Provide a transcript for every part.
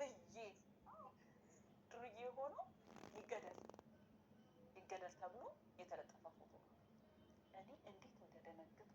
ዱርዬ ዱርዬ ሆኖ ይገደል ይገደል ተብሎ የተለጠፈ ፎቶ እኔ እንዴት እንደደነገጥኩ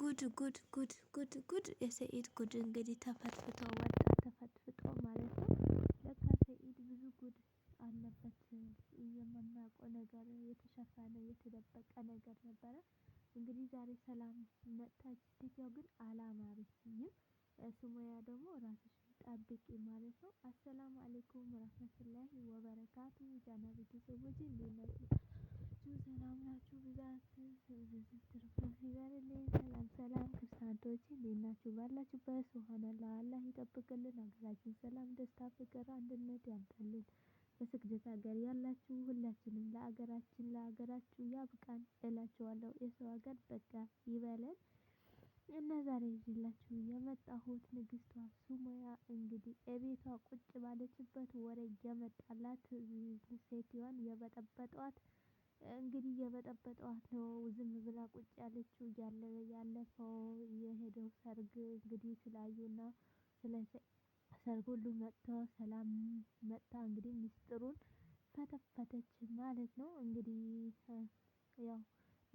ጉድ ጉድ ጉድ ጉድ ጉድ የሰኢድ ጉድ እንግዲህ ተፈትፍቶ ወጣ። ተፈትፍቶ ማለት ነው። ለካ ሰኢድ ብዙ ጉድ አለበት። የምናውቀው ነገር የተሸፈነ የተደበቀ ነገር ነበረ። እንግዲህ ዛሬ ሰላም መጥታች ሴትያው ግን አላማረችኝም። ስሙያ ደግሞ ራስሽን ጠብቂ ማለት ነው። አሰላሙ አሌይኩም ወራህመቱላሂ ወበረካቱ። ጃና ቤተሰቦች እንዴት ናችሁ? ሰላም ናችሁ? ብዛት ትርፍርፍ ይበልልኝ። ሰላም ሰላም ክርስቲያኖች እንዴት ናችሁ? ባላችሁበት ሱብሃነላ አላህ ይጠብቅልን። ሀገራችን ሰላም፣ ደስታ፣ ፍቅር፣ አንድነት ያምጣልን። በስግደት ሀገር ያላችሁ ሁላችንም ለሀገራችን ለሀገራችሁ ያብቃን እላችኋለሁ። የሰው ሀገር በቃ ይበለን እና ዛሬ ይዤላችሁ የመጣሁት ንግስቷ እንግዲህ እቤቷ ቁጭ ባለችበት ወሬ የመጣላት ሴትዮዋን የበጠበጧት እንግዲህ እየበጠበጠዋት ነው ዝም ብላ ቁጭ ያለችው። እያለ ያለፈው የሄደው ሰርግ እንግዲህ ስላዩና ስለ ሰርግ ሁሉ መጥተው ሰላም መጥታ እንግዲህ ሚስጥሩን ፈተፈተች ማለት ነው። እንግዲህ ያው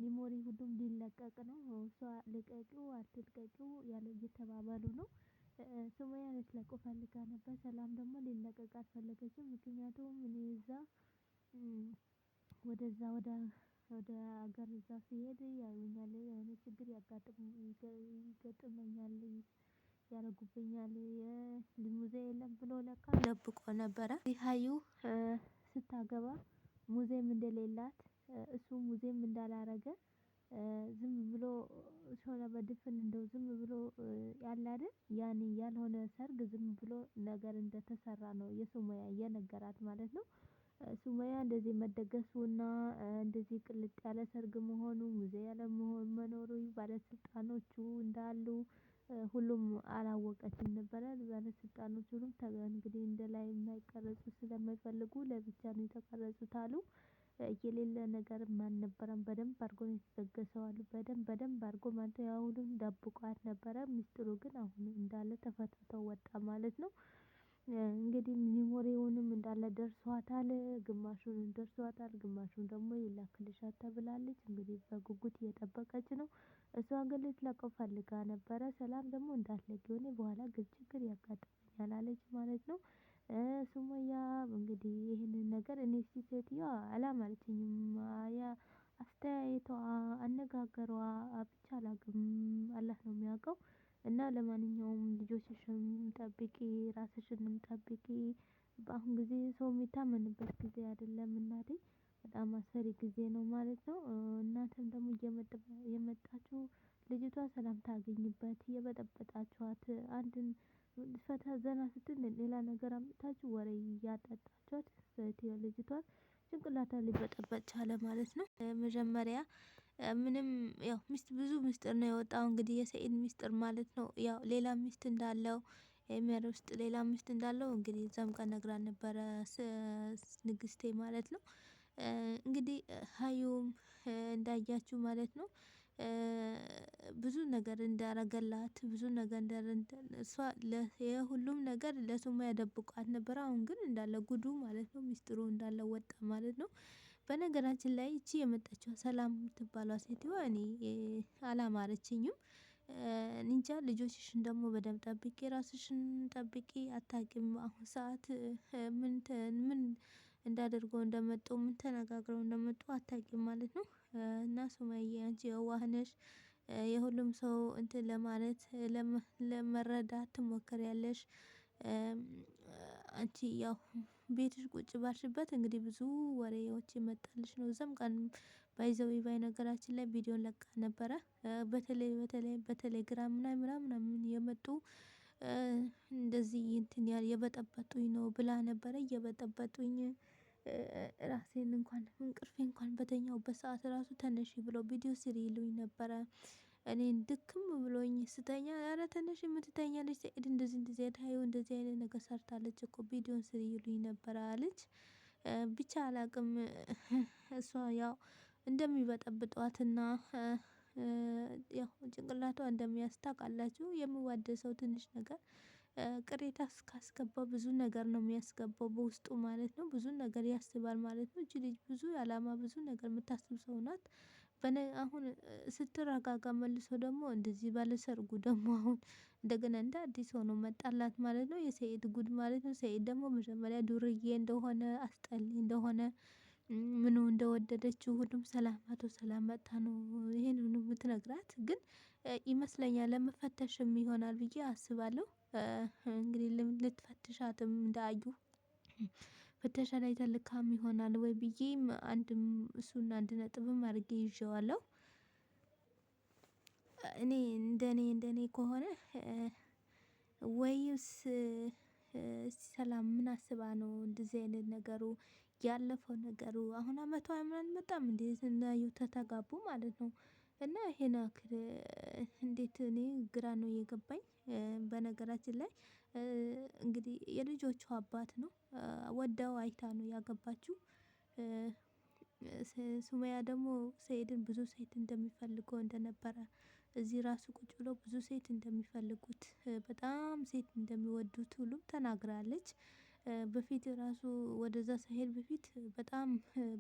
ሚሞሪ ሁሉም ሊለቀቅ ነው። እሷ ልቀቂው አትልቀቂው ያለ እየተባባሉ ነው። ሱመያ ልትለቀው ፈልጋ ነበር። ሰላም ደግሞ ሊለቀቅ አልፈለገችም። ምክንያቱም እኔ እዛ ወደዛ ወደ ወደ ሀገር እዛ ስሄድ ያዩኛል የሆነ ችግር ያጋጥመኛል ያደርጉብኛል ሙዜ የለም ብሎ ለካ ደብቆ ነበረ። ሀዩ ስታገባ ሙዜም እንደሌላት እሱ ሙዜም እንዳላረገ ዝም ብሎ ሾለ በድፍን እንደው ዝም ብሎ ያለ ያን ያልሆነ ሰርግ ዝም ብሎ ነገር እንደተሰራ ነው የሱሙያ የነገራት ማለት ነው። ሱባኤ እንደዚህ እና እንደዚህ ቅልጥ ያለ ሰርግ መሆኑ ሙዜ ያለ መሆኑ መኖሩ ባለስልጣኖቹ እንዳሉ ሁሉም አላወቀችም ነበረ። ባለስልጣኖች ሁሉም እንግዲህ እንደ ላይ የማይቀረጹ ስለማይፈልጉ ለብቻ ነው የተቀረጹት አሉ። የሌለ ነገር አልነበረም። በደንብ አድርጎ ነው የተደገሰው አሉ። በደንብ በደንብ አድርጎ ማለት ያው ሁሉም ደብቋት ነበረ። ሚስጥሩ ግን አሁን እንዳለ ተፈትቶ ወጣ ማለት ነው። እንግዲህ ሚሞሪውንም እንዳለ ደርሷታል ግማሹን ደርሷታል ግማሹን ደግሞ ይላክልሻል ተብላለች። እንግዲህ በጉጉት እየጠበቀች ነው። እሷ ግን ልትለቀው ፈልጋ ነበረ። ሰላም ደግሞ እንዳትለቂው እኔ በኋላ ግን ችግር ያጋጥመኛል አለች ማለት ነው። ሱመያ እንግዲህ ይህንን ነገር እኔ እቺ ሴትዮዋ አላማረችኝም። ያ አስተያየቷ፣ አነጋገሯ ብቻ አላውቅም። አላህ ነው የሚያውቀው። እና ለማንኛውም ልጆችሽን ጠብቂ፣ ራስሽንም ጠብቂ። በአሁን ጊዜ ሰው የሚታመንበት ጊዜ አይደለም እናቴ፣ በጣም አስፈሪ ጊዜ ነው ማለት ነው። እናንተም ደግሞ እየመጣችሁ ልጅቷ ሰላም ታገኝበት፣ እየበጠበጣችኋት አንድን ፈታ ዘና ስትል ሌላ ነገር አምጥታችሁ ወሬ እያጣጣችኋት ልጅቷን ጭንቅላታ ሊበጠበጥ ቻለ ማለት ነው። መጀመሪያ ምንም ያው ሚስት ብዙ ሚስጥር ነው የወጣው እንግዲህ የሰኢድ ሚስጥር ማለት ነው። ያው ሌላ ሚስት እንዳለው ኤሜር ውስጥ ሌላ ሚስት እንዳለው እንግዲህ እዛም ቀን ነግራ ነበረ ንግስቴ ማለት ነው። እንግዲህ ሀዩም እንዳያችሁ ማለት ነው ብዙ ነገር እንዳረገላት ብዙ ነገር እሷ ሁሉም ነገር ለሱማያ ያደብቋት ነበር። አሁን ግን እንዳለ ጉዱ ማለት ነው ሚስጥሩ እንዳለ ወጣ ማለት ነው። በነገራችን ላይ እቺ የመጣችው ሰላም የምትባሏ ሴትዋ እኔ አላማረችኝም። እንጃ ልጆችሽን ደግሞ በደንብ ጠብቂ፣ ራስሽን ጠብቂ። አታቂም አሁን ሰዓት ምን ምን እንዳደርገው እንደመጡ ምን ተነጋግረው እንደመጡ አታቂም ማለት ነው። እና ሱመያ አንቺ የዋህነሽ የሁሉም ሰው እንትን ለማለት ለመረዳት ያለሽ አንቺ ያው ቤትሽ ቁጭ ባልሽበት እንግዲህ ብዙ ወሬዎች ይመጣልሽ ነው። እዛም ቀን ባይዘው ባይ ነገራችን ላይ ቪዲዮን ለቃ ነበረ። በተለይ በተለይ በቴሌግራም ላይ ምናምን የመጡ እንደዚህ እንትን ያል የበጠበጡኝ ነው ብላ ነበረ እየበጠበጡኝ ራሴን እንኳን እንቅልፌ እንኳን በተኛው በሰዓት ራሱ ተነሽ ብለው ቪዲዮ ስሪ ይሉኝ ነበረ። እኔን ድክም ብሎኝ ስተኛ ኧረ ተነሽ የምትተኛ ልጅ ሰኢድ እንደዚህ እንደዚህ አይነት እንደዚህ አይነት ነገር ሰርታለች እኮ ቪዲዮን ስሪ ይሉኝ ነበረ አለች። ብቻ አላቅም እሷ ያው እንደሚበጠብጧትና ያው ጭንቅላቷ እንደሚያስታውቃላችሁ የምዋደሰው ትንሽ ነገር ቅሬታ እስካስገባ ብዙ ነገር ነው የሚያስገባው በውስጡ ማለት ነው። ብዙ ነገር ያስባል ማለት ነው። እቺ ልጅ ብዙ አላማ ብዙ ነገር የምታስብ ሰው ናት። አሁን ስትረጋጋ መልሶ ደግሞ እንደዚህ ባለሰርጉ ደግሞ አሁን እንደገና እንደ አዲስ ሆኖ መጣላት ማለት ነው። የሰኢድ ጉድ ማለት ነው። ሰኢድ ደግሞ መጀመሪያ ዱርዬ እንደሆነ አስጠል እንደሆነ ምኑ እንደወደደችው ሁሉም ሰላም አቶ ሰላም መጥታ ነው ይሄን ምትነግራት ግን ይመስለኛል ለመፈተሽም ይሆናል ብዬ አስባለሁ እንግዲህ ልትፈትሻትም እንዳዩ ፍተሻ ላይ ተልካም ይሆናል ወይ ብዬም አንድም እሱን አንድ ነጥብም አድርጌ ይዤዋለሁ። እኔ እንደኔ እንደኔ ከሆነ ወይስ ሰላም ምን አስባ ነው እንደዚህ አይነት ነገሩ ያለፈው ነገሩ አሁን አመቷ ምናምን እንዴ ተጋቡ ማለት ነው እና ይሄን ያክል እንዴት እኔ ግራ ነው የገባኝ። በነገራችን ላይ እንግዲህ የልጆቹ አባት ነው ወዳው አይታ ነው ያገባችው። ሱመያ ደግሞ ሰኢድን ብዙ ሴት እንደሚፈልገው እንደነበረ እዚህ ራሱ ቁጭ ብሎ ብዙ ሴት እንደሚፈልጉት በጣም ሴት እንደሚወዱት ሁሉም ተናግራለች። በፊት ራሱ ወደዛ ሳሄድ በፊት በጣም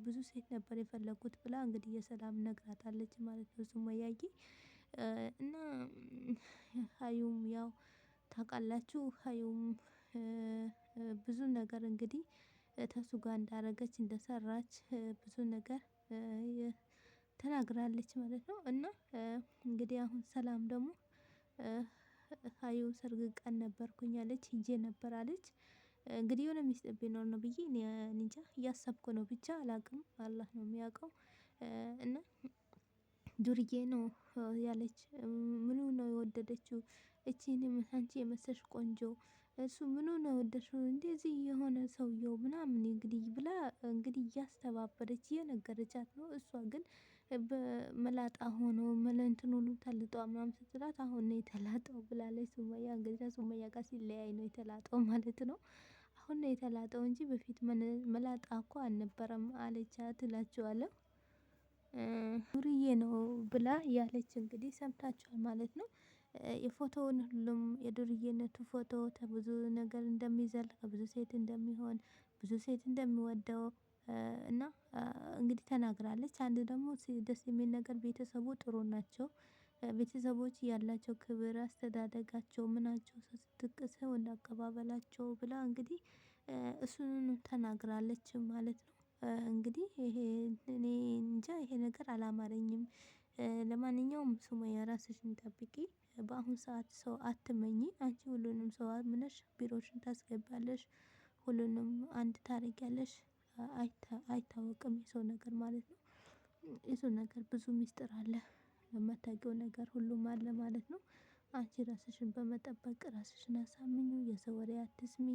ብዙ ሴት ነበር የፈለጉት ብላ እንግዲህ የሰላም ነግራታለች ማለት ነው ሱመያዬ። እና ሀዩም ያው ታውቃላችሁ ሀዩም ብዙ ነገር እንግዲህ ተሱ ጋር እንዳረገች እንደሰራች ብዙ ነገር ተናግራለች ማለት ነው። እና እንግዲህ አሁን ሰላም ደግሞ ሀዩ ሰርግ ቀን ነበርኩኝ አለች ሄጄ ነበር አለች እንግዲህ የሆነ ሚስጥር ቢኖር ነው ብዬ እኔ እንጃ እያሰብኩ ነው። ብቻ አላቅም፣ አላህ ነው የሚያውቀው። እና ዱርዬ ነው ያለች ምኑ ነው የወደደችው? እቺን አንቺ የመሰልሽ ቆንጆ እሱ ምኑ ነው የወደደችው? እንደዚህ የሆነ ሰውየው ምናምን እንግዲህ ብላ እንግዲህ እያስተባበረች እየነገረቻት ነው። እሷ ግን በመላጣ ሆኖ መለንትን ሁሉ ተልጧ ምናምን ስትላት አሁን ነው የተላጠው ብላለች። ሱመያ እንግዲህ ከሱመያ ጋር ሲለያይ ነው የተላጠው ማለት ነው። አሁን ነው የተላጠው እንጂ በፊት መላጣ እኮ አልነበረም አለቻት እላችኋለሁ። ዱርዬ ነው ብላ ያለች እንግዲህ ሰምታችኋል ማለት ነው። የፎቶውን ሁሉም የዱርዬነቱ ፎቶ ከብዙ ነገር እንደሚዘል ከብዙ ሴት እንደሚሆን ብዙ ሴት እንደሚወደው እና እንግዲህ ተናግራለች። አንድ ደግሞ ደስ የሚል ነገር ቤተሰቡ ጥሩ ናቸው። ቤተሰቦች ያላቸው ክብር፣ አስተዳደጋቸው፣ ምናቸው ስትጥቅስ እንደ አቀባበላቸው ብላ እንግዲህ እሱን ተናግራለች ማለት ነው። እንግዲህ ይሄ እኔ እንጃ ይሄ ነገር አላማረኝም። ለማንኛውም ሱመያ ራስሽን ጠብቂ። በአሁኑ ሰዓት ሰው አትመኝ። አንቺ ሁሉንም ሰው አምነሽ ቢሮሽን ታስገባለሽ፣ ሁሉንም አንድ ታረጊያለሽ። አይታወቅም የሰው ነገር ማለት ነው። የሰው ነገር ብዙ ሚስጥር አለ። የማታውቂው ነገር ሁሉም አለ ማለት ነው። አንቺ ራስሽን በመጠበቅ ራስሽን አሳምኚ የሰው ወሬ አትስሚ።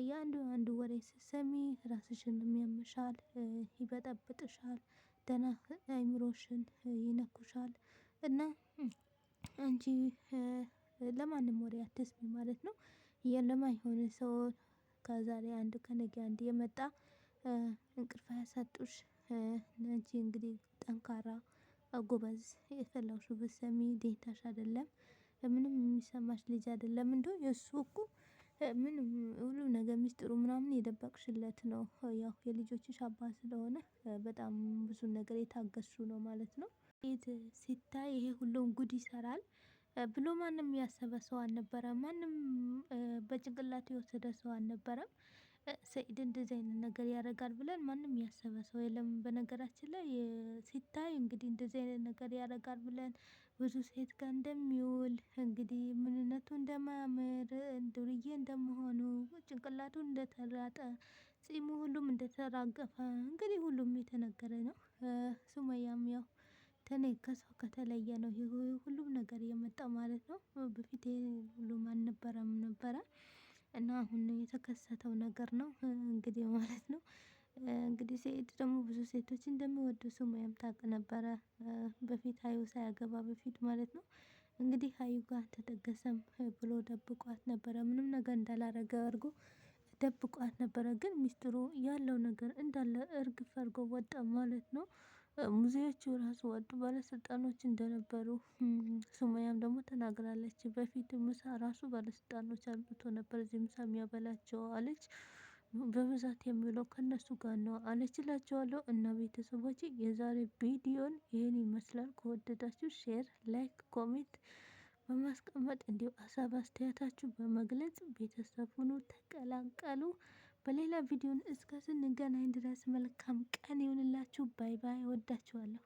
እያንዱ አንዱ ወሬ ስትሰሚ ራስሽን ያምሻል ይበጠብጥሻል ደህና አይምሮሽን ይነኩሻል። እና አንቺ ለማንም ወሬ አትስሚ ማለት ነው። ለማይሆን ሰው ከዛሬ አንድ ከነገ አንድ የመጣ እንቅልፍ አያሳጡሽ። አንቺ እንግዲህ ጠንካራ ጎበዝ የፈለግሽው ብትሰሚ ዴንታሽ አይደለም ምንም የሚሰማሽ ልጅ አይደለም። እንደውም የእሱ እኮ ምንም ሁሉ ነገር ሚስጥሩ ምናምን የደበቅሽለት ነው። ያው የልጆችሽ አባት ስለሆነ በጣም ብዙ ነገር የታገሱ ነው ማለት ነው። ሴት ሲታይ ይሄ ሁሉም ጉድ ይሰራል ብሎ ማንም ያሰበ ሰው አልነበረም። ማንም በጭንቅላት የወሰደ ሰው አልነበረም። ሰኢድ እንደዚህ አይነት ነገር ያደርጋል ብለን ማንም ያሰበ ሰው የለም። በነገራችን ላይ ሲታይ እንግዲህ እንደዚህ አይነት ነገር ያደርጋል ብለን ብዙ ሴት ጋር እንደሚውል እንግዲህ ምንነቱ እንደማያምር ዱርዬ እንደመሆኑ ጭንቅላቱ እንደተራጠ ጺሙ ሁሉም እንደተራገፈ እንግዲህ ሁሉም የተነገረ ነው። ሱመያም ያው ተኔ ከሷ ከተለየ ነው ሁሉም ነገር የመጣው ማለት ነው። በፊት ሁሉም አልነበረም ነበረ። እና አሁን የተከሰተው ነገር ነው እንግዲህ ማለት ነው። እንግዲህ ሰኢድ ደግሞ ብዙ ሴቶች እንደሚወዱ ሱማያም ታውቅ ነበረ፣ በፊት ሀዩ ሳያገባ በፊት ማለት ነው። እንግዲህ ሀዩ ጋር ተደገሰም ብሎ ደብቋት ነበረ። ምንም ነገር እንዳላረገ አድርጎ ደብቋት ነበረ። ግን ሚስጥሩ ያለው ነገር እንዳለ እርግፍ አድርጎ ወጣ ማለት ነው። ሙዚያቸው ራሱ ወጡ ባለስልጣኖች እንደነበሩ ሱሙያም ደግሞ ተናግራለች። በፊት ምሳ ራሱ ባለስልጣኖች አምጥቶ ነበር እዚህ ምሳ የሚያበላቸው አለች። በብዛት የሚውለው ከነሱ ጋር ነው አለች እላቸዋለሁ። እና ቤተሰቦች የዛሬ ቪዲዮን ይህን ይመስላል። ከወደዳችሁ ሼር፣ ላይክ፣ ኮሜንት በማስቀመጥ እንዲሁ አሳብ አስተያየታችሁ በመግለጽ ቤተሰቡን ተቀላቀሉ። በሌላ ቪዲዮን እስከ ስንገናኝ ድረስ መልካም ቀን ይሁንላችሁ። ባይ ባይ። ወዳችኋለሁ።